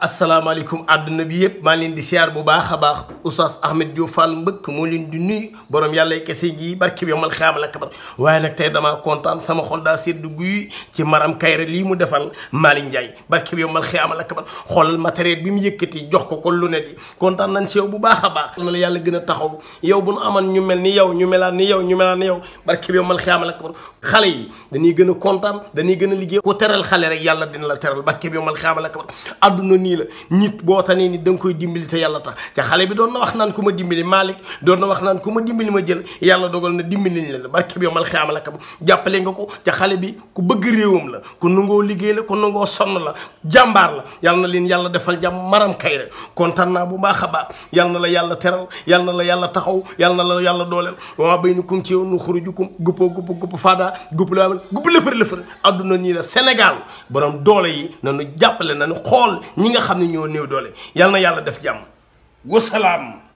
asalaamaaleykum àdduna bi yëpp maa leen di siyaar bu baax a baax oustaz Ahmed Diop Fall mbëkk moo leen di nuyu borom yàlla kese gi barki bi yomal xaamal ak kabar waaye nag tey damaa kontaan sama xol daa sedd guy ci maram kayre lii mu defal Malick Ndiaye barki bi yomal xaamal ak kabar xoolal matériel bi mu yëkkati jox ko ko lu ne di kontaan nañ si yow bu baax a baax. na la yàlla gën a taxaw yow bu nu amoon ñu mel ni yow ñu melaan ni yow ñu melaan ni yow barki bi yomal xaamal ak kabar xale yi dañuy gën a kontaan dañuy gën a liggéey ku teral xale rek yàlla dina la teral barki bi yomal xaamal ak kabar àdduna nii la nit boo tanee nit da nga koy dimbali te yàlla tax te xale bi doon na wax naan ku ma dimbali Malick doon na wax ma jël yàlla dogal na dimbali ni la barke bi yomal xiyama la kam jàppale nga ko te xale bi ku bëgg réewam la ku nangoo liggéey la ku nangoo sonn la jàmbaar la yàlla na leen yàlla defal jàmm maram kay rek kontaan naa bu baax a baax yàlla na la yàlla teral yàlla na la yàlla taxaw yàlla na la yàlla dooleel wamaa bay nu kum ci yow nu xurujukum guppoo gupp gupp faada gupp la gupp lëfër lëfër adduna nii la Sénégal borom doole yi nanu jàppale nanu nga xam ne ñoo néew doole yal na yàlla def jàmm wasalaam